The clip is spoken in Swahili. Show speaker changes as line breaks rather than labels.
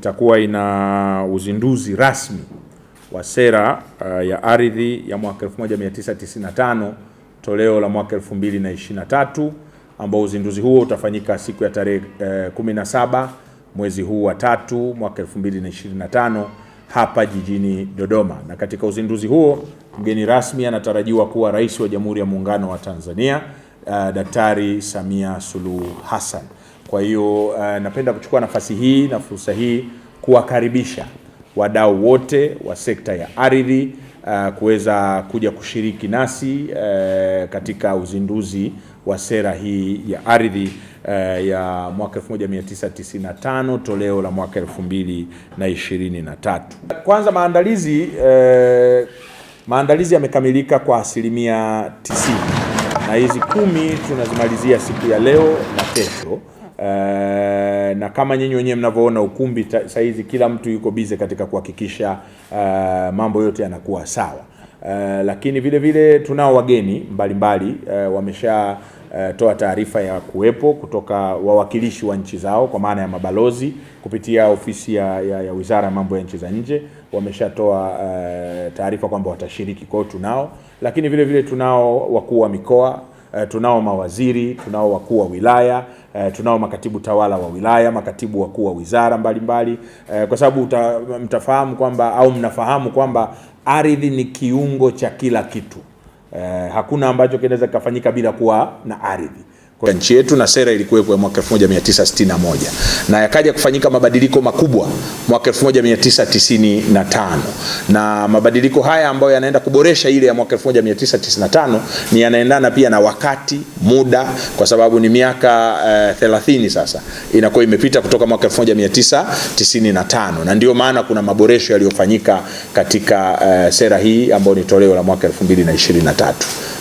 Itakuwa ina uzinduzi rasmi wa sera uh, ya ardhi ya mwaka 1995 toleo la mwaka 2023 ambao uzinduzi huo utafanyika siku ya tarehe uh, 17 mwezi huu wa tatu mwaka 2025 hapa jijini Dodoma, na katika uzinduzi huo mgeni rasmi anatarajiwa kuwa Rais wa Jamhuri ya Muungano wa Tanzania uh, Daktari Samia Suluhu Hassan. Kwa hiyo uh, napenda kuchukua nafasi hii na fursa hii kuwakaribisha wadau wote wa sekta ya ardhi uh, kuweza kuja kushiriki nasi uh, katika uzinduzi wa sera hii ya ardhi uh, ya mwaka 1995 toleo la mwaka 2023. Kwanza maandalizi uh, maandalizi yamekamilika kwa asilimia 90 na hizi kumi tunazimalizia siku ya leo na kesho. Eh, na kama nyinyi wenyewe mnavyoona ukumbi hizi kila mtu yuko bize katika kuhakikisha uh, mambo yote yanakuwa sawa. Uh, lakini vile vile tunao wageni mbalimbali uh, wameshatoa uh, taarifa ya kuwepo kutoka wawakilishi wa nchi zao kwa maana ya mabalozi kupitia ofisi ya, ya, ya Wizara ya Mambo ya Nchi za Nje wameshatoa uh, taarifa kwamba watashiriki kwao, tunao lakini vile vile tunao wakuu wa mikoa Eh, tunao mawaziri, tunao wakuu wa wilaya eh, tunao makatibu tawala wa wilaya, makatibu wakuu wa wizara mbalimbali eh, kwa sababu mtafahamu kwamba au mnafahamu kwamba ardhi ni kiungo cha kila kitu eh, hakuna ambacho kinaweza kikafanyika bila kuwa na ardhi
kwa nchi yetu na sera ilikuwepo ya mwaka 1961 na yakaja kufanyika mabadiliko makubwa mwaka 1995, na mabadiliko haya ambayo yanaenda kuboresha ile ya mwaka 1995 ni yanaendana pia na wakati muda, kwa sababu ni miaka uh, eh, 30 sasa inakuwa imepita kutoka mwaka 1995, na ndio maana kuna maboresho yaliyofanyika katika uh, sera hii ambayo ni toleo la mwaka 2023.